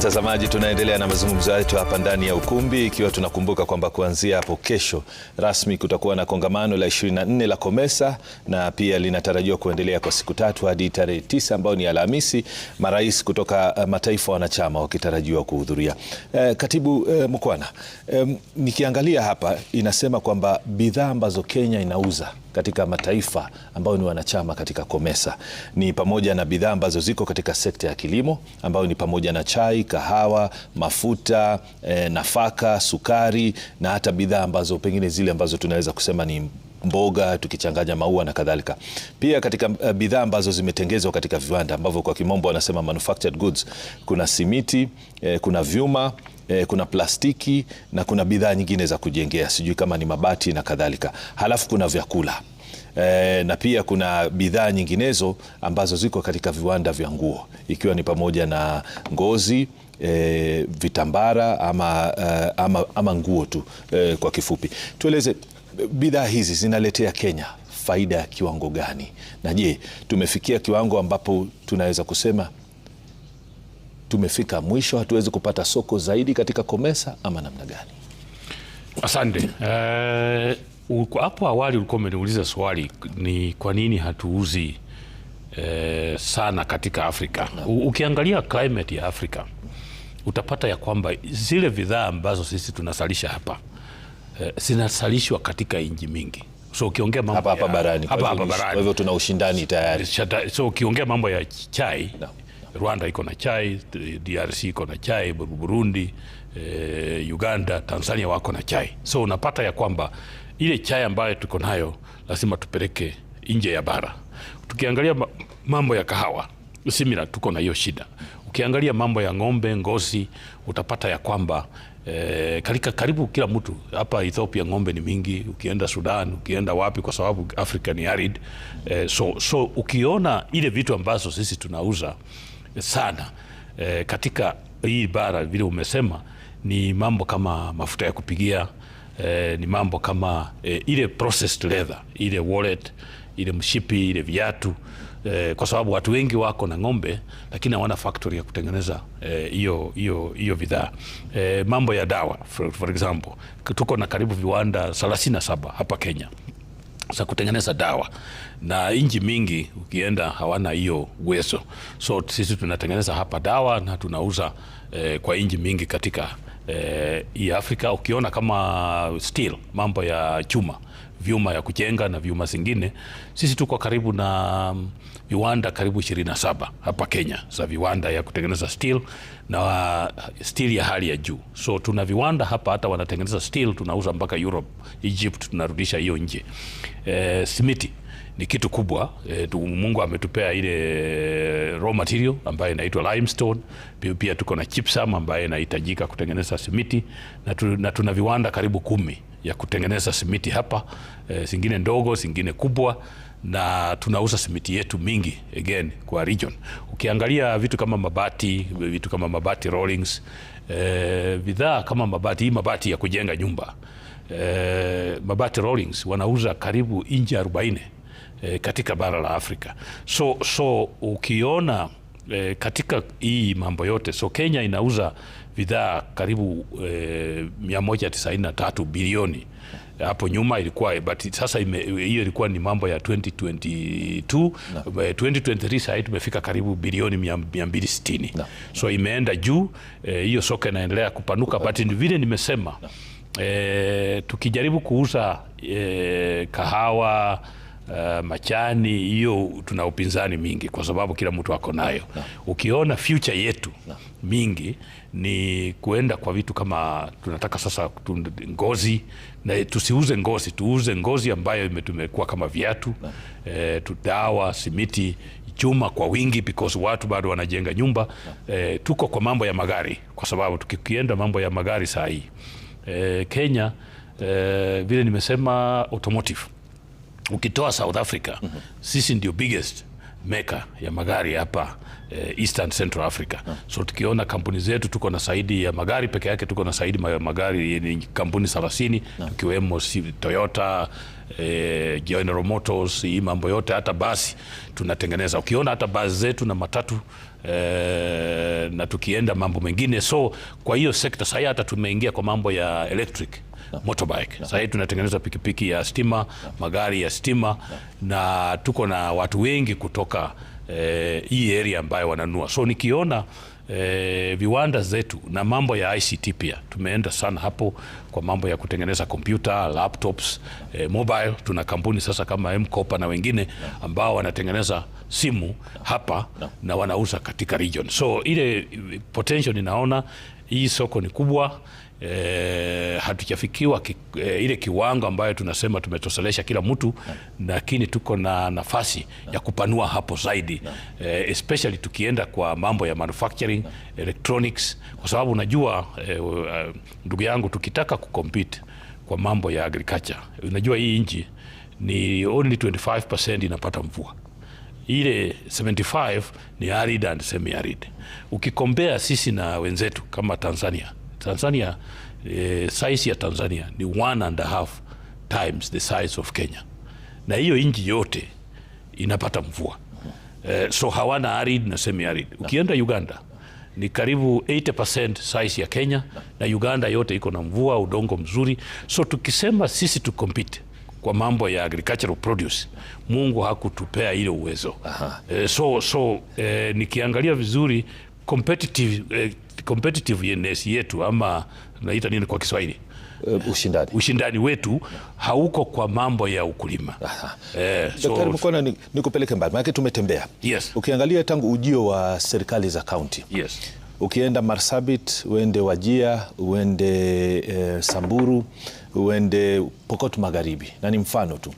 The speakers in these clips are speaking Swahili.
Mtazamaji, tunaendelea na mazungumzo yetu hapa ndani ya ukumbi, ikiwa tunakumbuka kwamba kuanzia hapo kesho rasmi kutakuwa na kongamano la 24 la COMESA na pia linatarajiwa kuendelea kwa siku tatu hadi tarehe tisa ambayo ni Alhamisi, marais kutoka eh, mataifa wanachama wakitarajiwa kuhudhuria. E, katibu e, eh, Mkwana, e, nikiangalia hapa inasema kwamba bidhaa ambazo Kenya inauza katika mataifa ambayo ni wanachama katika COMESA ni pamoja na bidhaa ambazo ziko katika sekta ya kilimo ambayo ni pamoja na chai, kahawa, mafuta, e, nafaka, sukari na hata bidhaa ambazo pengine zile ambazo tunaweza kusema ni mboga tukichanganya maua na kadhalika. Pia katika uh, bidhaa ambazo zimetengezwa katika viwanda ambavyo kwa kimombo wanasema manufactured goods, kuna simiti eh, kuna vyuma eh, kuna plastiki na kuna bidhaa nyingine za kujengea, sijui kama ni mabati na kadhalika, halafu kuna vyakula E, na pia kuna bidhaa nyinginezo ambazo ziko katika viwanda vya nguo ikiwa ni pamoja na ngozi e, vitambara ama, eh, ama, ama nguo tu e, kwa kifupi. Tueleze bidhaa hizi zinaletea Kenya faida ya kiwango gani? Na je, tumefikia kiwango ambapo tunaweza kusema tumefika mwisho, hatuwezi kupata soko zaidi katika COMESA ama namna gani? Asante. Uh, hapo awali ulikuwa umeniuliza swali ni kwa nini hatuuzi uh, sana katika Afrika. U, ukiangalia climate ya Afrika utapata ya kwamba zile bidhaa ambazo sisi tunasalisha hapa eh, zinasalishwa uh, katika nchi mingi so ukiongea mambo hapa hapa barani, kwa hivyo tuna ushindani tayari. So ukiongea mambo ya chai no. Rwanda iko na chai, DRC iko na chai, Burundi eh, Uganda, Tanzania wako na chai. So unapata ya kwamba ile chai ambayo tuko nayo lazima tupeleke nje ya bara. Tukiangalia mambo ya kahawa simila, tuko na hiyo shida. Ukiangalia mambo ya ng'ombe ngozi, utapata ya kwamba eh, karibu kila mtu hapa Ethiopia ng'ombe ni mingi, ukienda Sudan, ukienda wapi, kwa sababu Africa ni arid. eh, so, so ukiona ile vitu ambazo sisi tunauza sana e, katika hii bara vile umesema ni mambo kama mafuta ya kupigia e, ni mambo kama e, ile processed leather, ile wallet, ile mshipi, ile viatu e, kwa sababu watu wengi wako na ng'ombe lakini hawana factory ya kutengeneza e, hiyo e, hiyo hiyo bidhaa e, mambo ya dawa for, for example tuko na karibu viwanda 37 hapa Kenya za kutengeneza dawa na nchi mingi ukienda hawana hiyo uwezo, so sisi tunatengeneza hapa dawa na tunauza eh, kwa nchi mingi katika eh, hii eh, Afrika. Ukiona kama steel, mambo ya chuma vyuma ya kujenga na vyuma zingine. Sisi tuko karibu na mm, viwanda karibu 27 hapa Kenya za viwanda ya kutengeneza steel na uh, steel ya hali ya juu. So tuna viwanda hapa, hata wanatengeneza steel tunauza mpaka Europe, Egypt, tunarudisha hiyo nje. E, simiti ni kitu kubwa e, tu, Mungu ametupea ile eh, raw material ambayo inaitwa limestone. Pia tuko na gypsum ambayo inahitajika kutengeneza simiti na, tu, na tuna viwanda karibu kumi ya kutengeneza simiti hapa e, zingine ndogo, zingine kubwa, na tunauza simiti yetu mingi again kwa region. Ukiangalia vitu kama mabati, vitu kama mabati rollings, e, bidhaa kama mabati, hii mabati ya kujenga nyumba e, mabati rollings wanauza karibu inji 40 e, katika bara la Afrika. So so ukiona e, katika hii mambo yote, so Kenya inauza bidhaa karibu eh, 193 bilioni hapo nyuma ilikuwa but sasa hiyo ilikuwa ni mambo ya 2022 no. 2023 sahii tumefika karibu bilioni 260 so imeenda juu eh, hiyo eh, soko inaendelea kupanuka but vile nimesema eh, tukijaribu kuuza eh, kahawa uh, machani hiyo, tuna upinzani mingi kwa sababu kila mtu ako nayo na. Ukiona future yetu na. mingi ni kuenda kwa vitu kama tunataka sasa ngozi na tusiuze ngozi, tuuze ngozi ambayo imetumekuwa kama viatu E, eh, tudawa, simiti, chuma kwa wingi because watu bado wanajenga nyumba E, tuko kwa mambo ya magari kwa sababu tukienda mambo ya magari saa hii e, Kenya e, vile nimesema automotive ukitoa South Africa mm -hmm. sisi ndio biggest meka ya magari hapa eh, Eastern Central Africa hmm. So tukiona kampuni zetu tuko na saidi ya magari peke yake, tuko na saidi magari yenye kampuni 30 hmm. tukiwemo si Toyota eh, General Motors, hii mambo yote, hata basi tunatengeneza. Ukiona hata basi zetu na matatu eh, na tukienda mambo mengine, so kwa hiyo sekta sasa hata tumeingia kwa mambo ya electric No. motorbike no. Sasa tunatengeneza pikipiki ya stima no. magari ya stima no. na tuko na watu wengi kutoka eh, hii eh, area ambayo wananua so nikiona Eh, viwanda zetu na mambo ya ICT pia tumeenda sana hapo kwa mambo ya kutengeneza kompyuta, laptops, e, mobile. Tuna kampuni sasa kama Mkopa na wengine ambao wanatengeneza simu hapa na wanauza katika region, so ile potential ninaona hii soko ni kubwa e, hatujafikiwa ki, e, ile kiwango ambayo tunasema tumetoshelesha kila mtu, lakini tuko na nafasi yeah. ya kupanua hapo zaidi e, especially tukienda kwa mambo ya manufacturing yeah. electronics, kwa sababu unajua ndugu yangu tukitaka kucompete kwa mambo ya agriculture, unajua hii nchi ni only 25% inapata mvua ile 75 ni arid and semi arid. Ukikombea sisi na wenzetu kama Tanzania, Tanzania e, size ya Tanzania ni one and a half times the size of Kenya, na hiyo nchi yote inapata mvua e, so hawana arid na semi arid. Ukienda Uganda ni karibu 80% size ya Kenya na Uganda yote iko na mvua, udongo mzuri. So tukisema sisi tukompete kwa mambo ya agricultural produce Mungu hakutupea ile uwezo. Aha. E, so, so e, nikiangalia vizuri competitive e, eh, competitiveness yetu ama naita nini kwa Kiswahili? Ushindani. Ushindani wetu hauko kwa mambo ya ukulima. Eh, Daktari Mukhwana, so, nikupeleke mbali maana tumetembea. Yes. Ukiangalia tangu ujio wa serikali za kaunti. Yes. Ukienda Marsabit, uende Wajia, uende e, Samburu, uende Pokot Magharibi, na ni mfano tu.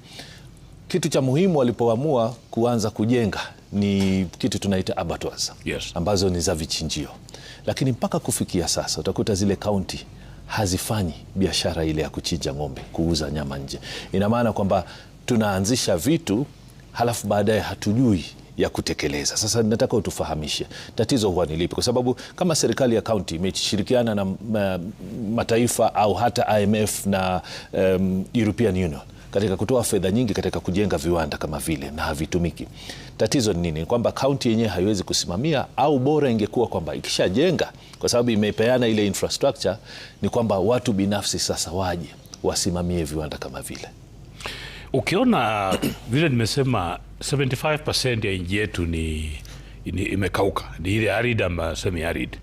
Kitu cha muhimu walipoamua kuanza kujenga ni kitu tunaita abattoirs yes, ambazo ni za vichinjio, lakini mpaka kufikia sasa utakuta zile kaunti hazifanyi biashara ile ya kuchinja ng'ombe, kuuza nyama nje. Ina maana kwamba tunaanzisha vitu halafu baadaye hatujui ya kutekeleza. Sasa nataka utufahamishe tatizo huwa ni lipi, kwa sababu kama serikali ya kaunti imeshirikiana na mataifa au hata IMF na um, European Union katika kutoa fedha nyingi katika kujenga viwanda kama vile na havitumiki. Tatizo ni nini? Kwamba kaunti yenyewe haiwezi kusimamia, au bora ingekuwa kwamba ikishajenga, kwa sababu imepeana ile infrastructure, ni kwamba watu binafsi sasa waje wasimamie viwanda kama vile. Ukiona vile nimesema 75% ya nchi yetu ni, ni imekauka, ni ile arid ama semi arid,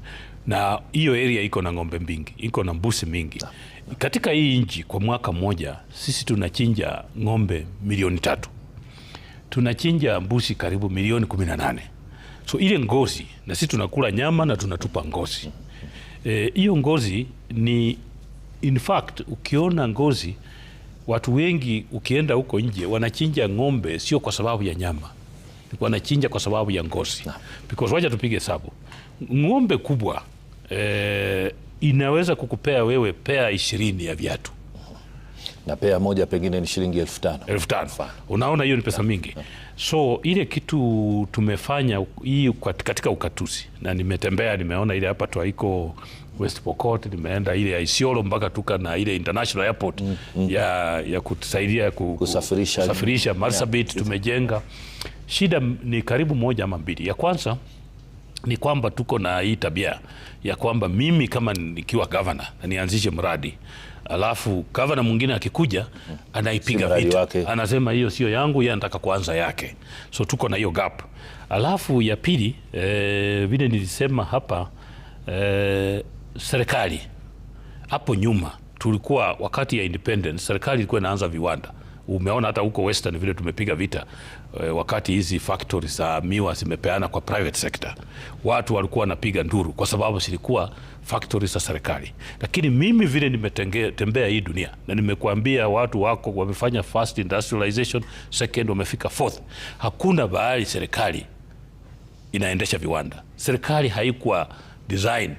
na hiyo area iko na ng'ombe mingi, iko na mbusi mingi katika hii nchi. Kwa mwaka mmoja sisi tunachinja ng'ombe milioni tatu, tunachinja mbusi karibu milioni 18. So ile ngozi na sisi tunakula nyama na tunatupa ngozi eh, hiyo. E, ngozi ni in fact ukiona ngozi watu wengi ukienda huko nje wanachinja ng'ombe sio kwa sababu ya nyama, wanachinja kwa sababu ya ngozi Because wacha tupige hesabu, ng'ombe kubwa eh, inaweza kukupea wewe pea ishirini ya viatu na pea moja pengine ni shilingi elfu tano elfu tano Unaona, hiyo ni pesa mingi. So ile kitu tumefanya hii katika ukatuzi, na nimetembea nimeona ile hapa Twaiko West Pokot, nimeenda ile ya Isiolo mpaka tuka na ile international airport mm -hmm. ya, ya kutusaidia ku, kusafirisha, kusafirisha Marsabit yeah. Tumejenga shida ni karibu moja ama mbili. Ya kwanza ni kwamba tuko na hii tabia ya kwamba mimi kama nikiwa gavana na nianzishe mradi alafu gavana mwingine akikuja mm. anaipiga vita, wake. anasema hiyo sio yangu, yeye anataka kuanza yake, so tuko na hiyo gap. Alafu ya pili eh, vile nilisema hapa eh, serikali hapo nyuma tulikuwa wakati ya independence serikali ilikuwa inaanza viwanda. Umeona hata huko Western vile tumepiga vita e, wakati hizi factory za miwa zimepeana kwa private sector, watu walikuwa wanapiga nduru kwa sababu zilikuwa factory za serikali. Lakini mimi vile nimetembea hii dunia na nimekuambia watu wako wamefanya first industrialization, second wamefika fourth, hakuna bahali serikali inaendesha viwanda. Serikali haikuwa designed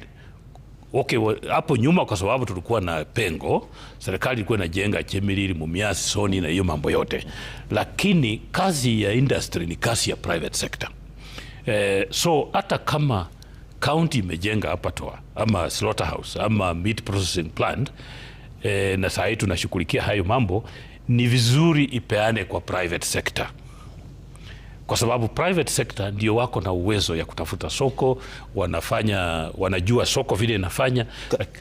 Okay, hapo nyuma kwa sababu tulikuwa na pengo, serikali ilikuwa inajenga chemilili Mumias, Soni na hiyo mambo yote, lakini kazi ya industry ni kazi ya private sector. Eh, so hata kama county imejenga hapa Toa ama slaughterhouse ama meat processing plant eh, na saa hii tunashughulikia hayo mambo, ni vizuri ipeane kwa private sector kwa sababu private sector ndio wako na uwezo ya kutafuta soko, wanafanya wanajua soko vile inafanya.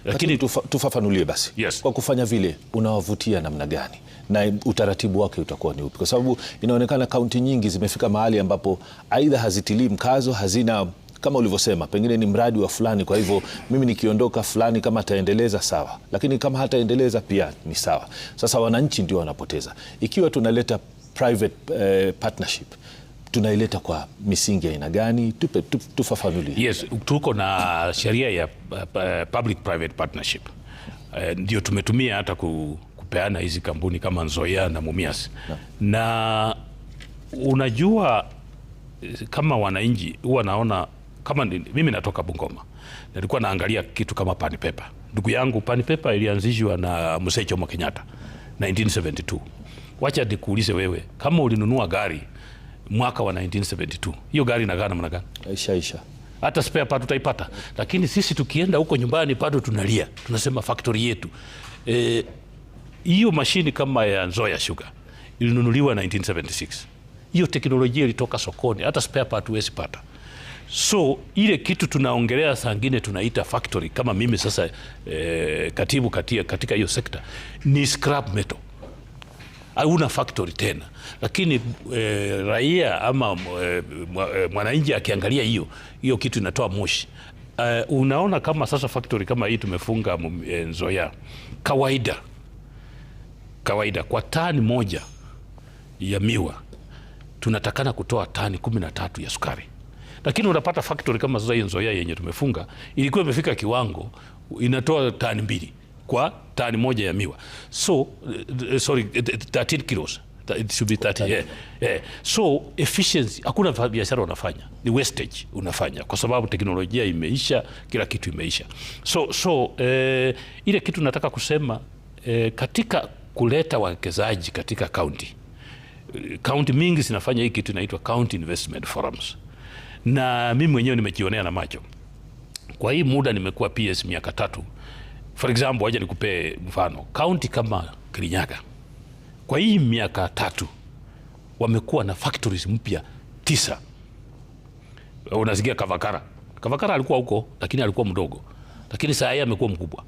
Lakini tufafanulie basi yes. Kwa kufanya vile unawavutia namna gani na utaratibu wake utakuwa ni upi? Kwa sababu inaonekana kaunti nyingi zimefika mahali ambapo aidha hazitilii mkazo, hazina kama ulivyosema, pengine ni mradi wa fulani, kwa hivyo mimi nikiondoka fulani kama ataendeleza sawa, lakini kama hataendeleza pia ni sawa. Sasa wananchi ndio wanapoteza ikiwa tunaleta private eh, partnership tunaileta kwa misingi ya aina gani? Tupe tufafanulie. Yes, tuko na sheria ya public private partnership eh, ndio tumetumia hata kupeana hizi kampuni kama Nzoia na Mumias na, na unajua kama wananchi huwa naona kama mimi natoka Bungoma, nilikuwa naangalia kitu kama Pan Ndugu yangu, Pan ilianzishwa na Mzee Jomo Kenyatta 1972. Wacha nikuulize wewe, kama ulinunua gari mwaka wa 1972. Hiyo gari inakaa namna gani? Aisha, aisha. Hata spare part utaipata, lakini sisi tukienda huko nyumbani bado tunalia, tunasema factory yetu e, hiyo. E, mashini kama ya Nzoya Sugar ilinunuliwa 1976. Hiyo teknolojia ilitoka sokoni, hata spare part huwezi pata. So ile kitu tunaongelea saa ngine tunaita factory, kama mimi sasa e, katibu katia katika hiyo sekta ni scrap metal hauna factory tena, lakini e, raia ama e, mwananchi akiangalia hiyo hiyo kitu inatoa moshi e, unaona kama sasa factory kama hii tumefunga e, Nzoia, kawaida kawaida kwa tani moja ya miwa tunatakana kutoa tani kumi na tatu ya sukari, lakini unapata factory kama sasa hii Nzoia yenye tumefunga ilikuwa imefika kiwango inatoa tani mbili kwa tani moja ya miwa so eh, eh, sorry 13 eh, kilos it should be 30 yeah. Yeah. So efficiency, hakuna biashara unafanya, ni wastage unafanya, kwa sababu teknolojia imeisha, kila kitu imeisha. So, so eh, ile kitu nataka kusema eh, katika kuleta wawekezaji katika kaunti, kaunti mingi zinafanya hii kitu inaitwa county investment forums, na mimi mwenyewe nimejionea na macho. Kwa hii muda nimekuwa PS miaka tatu For example, waje nikupe mfano kaunti kama Kirinyaga, kwa hii miaka tatu wamekuwa na factories mpya tisa. Unasikia Kavakara, Kavakara alikuwa huko lakini alikuwa mdogo, lakini saa hii amekuwa mkubwa.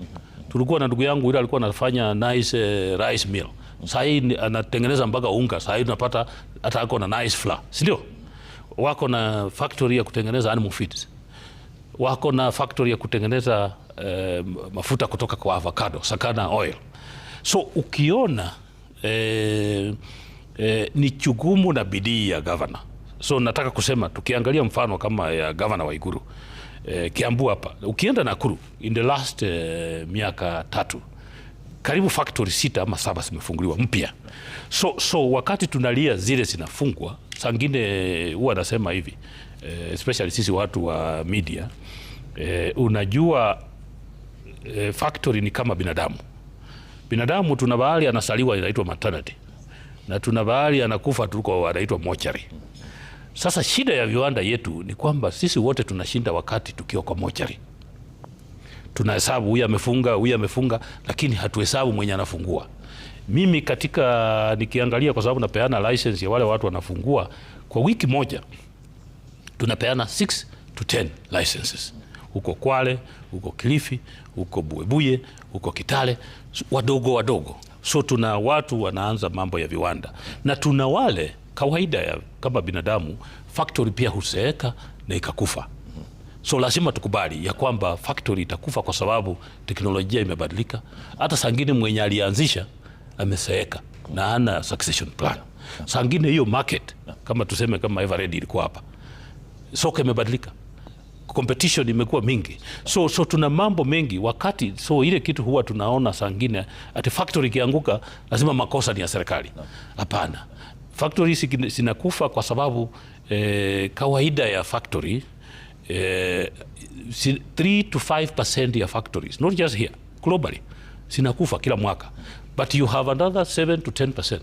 Tulikuwa na ndugu yangu yule alikuwa anafanya nice uh, rice mill, saa hii anatengeneza mpaka unga. Saa hii tunapata hata ako na nice flour, si ndio? Wako na factory ya kutengeneza animal feeds, wako na factory ya kutengeneza eh, mafuta kutoka kwa avocado sakana oil. So ukiona eh, eh, ni chugumu na bidii ya gavana. So nataka kusema tukiangalia mfano kama ya gavana Waiguru eh, Kiambu hapa ukienda Nakuru in the last eh, miaka tatu karibu factory sita ama saba zimefunguliwa mpya. So, so wakati tunalia zile zinafungwa, sangine huwa nasema hivi eh, especially sisi watu wa media eh, unajua e, factory ni kama binadamu. Binadamu tuna bahari anasaliwa inaitwa maternity, na tuna bahari anakufa tuko anaitwa mochari. Sasa shida ya viwanda yetu ni kwamba sisi wote tunashinda wakati tukiwa kwa mochari, tunahesabu huyu amefunga, huyu amefunga, lakini hatuhesabu mwenye anafungua. Mimi katika nikiangalia, kwa sababu napeana license ya wale watu wanafungua, kwa wiki moja tunapeana 6 to 10 licenses huko Kwale, huko Kilifi, huko Buebuye, huko Kitale, wadogo wadogo. So tuna watu wanaanza mambo ya viwanda na tuna wale kawaida ya kama binadamu factory pia huseeka na ikakufa. So lazima tukubali ya kwamba factory itakufa kwa sababu teknolojia imebadilika. Hata sangine mwenye alianzisha ameseeka na ana succession plan. Sangine hiyo market kama tuseme kama Eveready ilikuwa hapa, soko imebadilika competition imekuwa mingi, so so tuna mambo mengi wakati, so ile kitu huwa tunaona sangine ati factory ikianguka lazima makosa ni ya serikali. Hapana, factory zinakufa kwa sababu eh, kawaida ya factory eh, 3 to 5% ya factories not just here globally zinakufa kila mwaka, but you have another 7 to 10%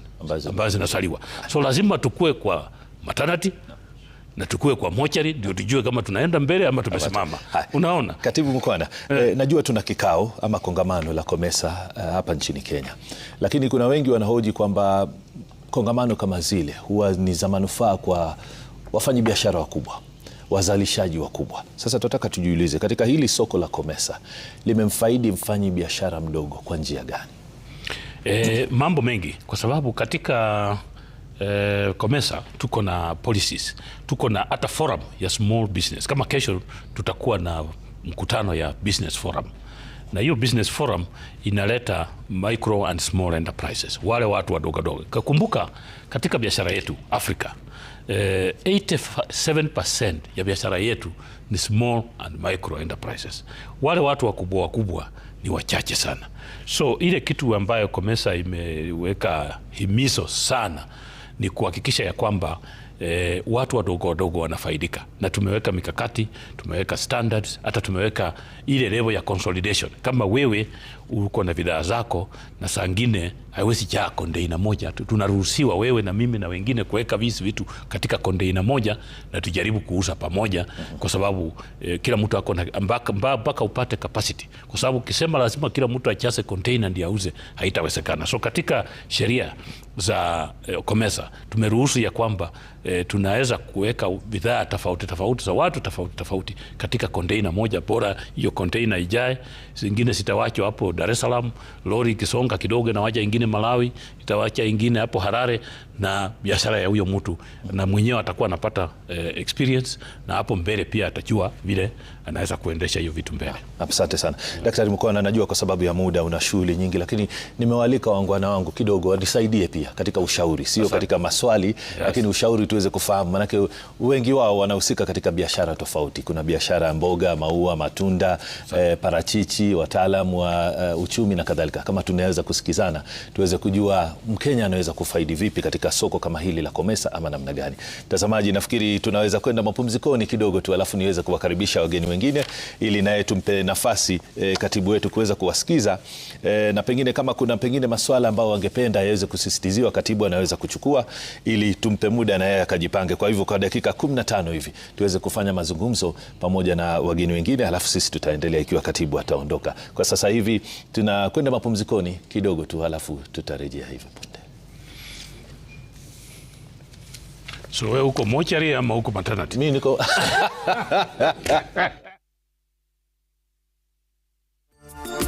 ambazo zinasaliwa, so lazima tukue kwa maternity no na tukue kwa mochari ndio tujue kama tunaenda mbele ama tumesimama. Unaona katibu Mkwana, eh. E, najua tuna kikao ama kongamano la COMESA eh, hapa nchini Kenya, lakini kuna wengi wanahoji kwamba kongamano kama zile huwa ni za manufaa kwa wafanyabiashara wakubwa wazalishaji wakubwa. Sasa tunataka tujiulize, katika hili soko la COMESA limemfaidi mfanyi biashara mdogo kwa njia gani? E, mambo mengi, kwa sababu katika eh, COMESA tuko na policies, tuko na hata forum ya small business. Kama kesho tutakuwa na mkutano ya business forum, na hiyo business forum inaleta micro and small enterprises, wale watu wadogodogo. Kakumbuka katika biashara yetu Afrika eh, 87% ya biashara yetu ni small and micro enterprises. Wale watu wakubwa wakubwa ni wachache sana, so ile kitu ambayo COMESA imeweka himizo sana ni kuhakikisha ya kwamba E, watu wadogo wadogo wanafaidika, na tumeweka mikakati, tumeweka standards, hata tumeweka ile level ya consolidation. Kama wewe uko na bidhaa zako na saa ngine haiwezi jaa kondeina moja tu. Tunaruhusiwa wewe na mimi na wengine kuweka visi vitu katika kondeina moja na tujaribu kuuza pamoja, kwa sababu eh, kila mtu ako mpaka upate capacity, kwa sababu ukisema lazima kila mtu achase kondeina ndio auze, haitawezekana. So katika sheria za eh, Komesa tumeruhusu ya kwamba eh, tunaweza kuweka bidhaa tofauti tofauti za watu tofauti tofauti katika kondeina moja, bora hiyo kondeina ijae, zingine zitawachwa hapo Dar es Salaam, lori ikisonga kidogo inawacha ingine Malawi, itawacha ingine hapo Harare na biashara ya huyo mtu na mwenyewe atakuwa anapata eh, experience na hapo mbele pia atajua vile anaweza kuendesha hiyo vitu mbele. Asante sana yeah. Daktari Mkona, najua kwa sababu ya muda una shughuli nyingi, lakini nimewaalika wangwana wangu kidogo wanisaidie pia katika ushauri, sio katika maswali yes, lakini ushauri tuweze kufahamu, manake wengi wao wanahusika katika biashara tofauti. Kuna biashara ya mboga, maua, matunda eh, parachichi, wataalamu wa uh, uchumi na kadhalika. Kama tunaweza kusikizana tuweze kujua Mkenya anaweza kufaidi vipi katika katika soko kama hili la COMESA ama namna gani? Mtazamaji, nafikiri tunaweza kwenda mapumzikoni kidogo tu, alafu niweze kuwakaribisha wageni wengine ili naye tumpe nafasi e, katibu wetu kuweza kuwasikiza e, na pengine kama kuna pengine maswala ambayo wangependa yaweze kusisitiziwa, katibu anaweza kuchukua ili tumpe muda na yeye akajipange. Kwa hivyo kwa dakika 15 hivi tuweze kufanya mazungumzo pamoja na wageni wengine, alafu sisi tutaendelea ikiwa katibu ataondoka. Kwa sasa hivi tunakwenda mapumzikoni kidogo tu, alafu tutarejea hivi punde. So wewe uko mochari ama uko maternity? Mimi niko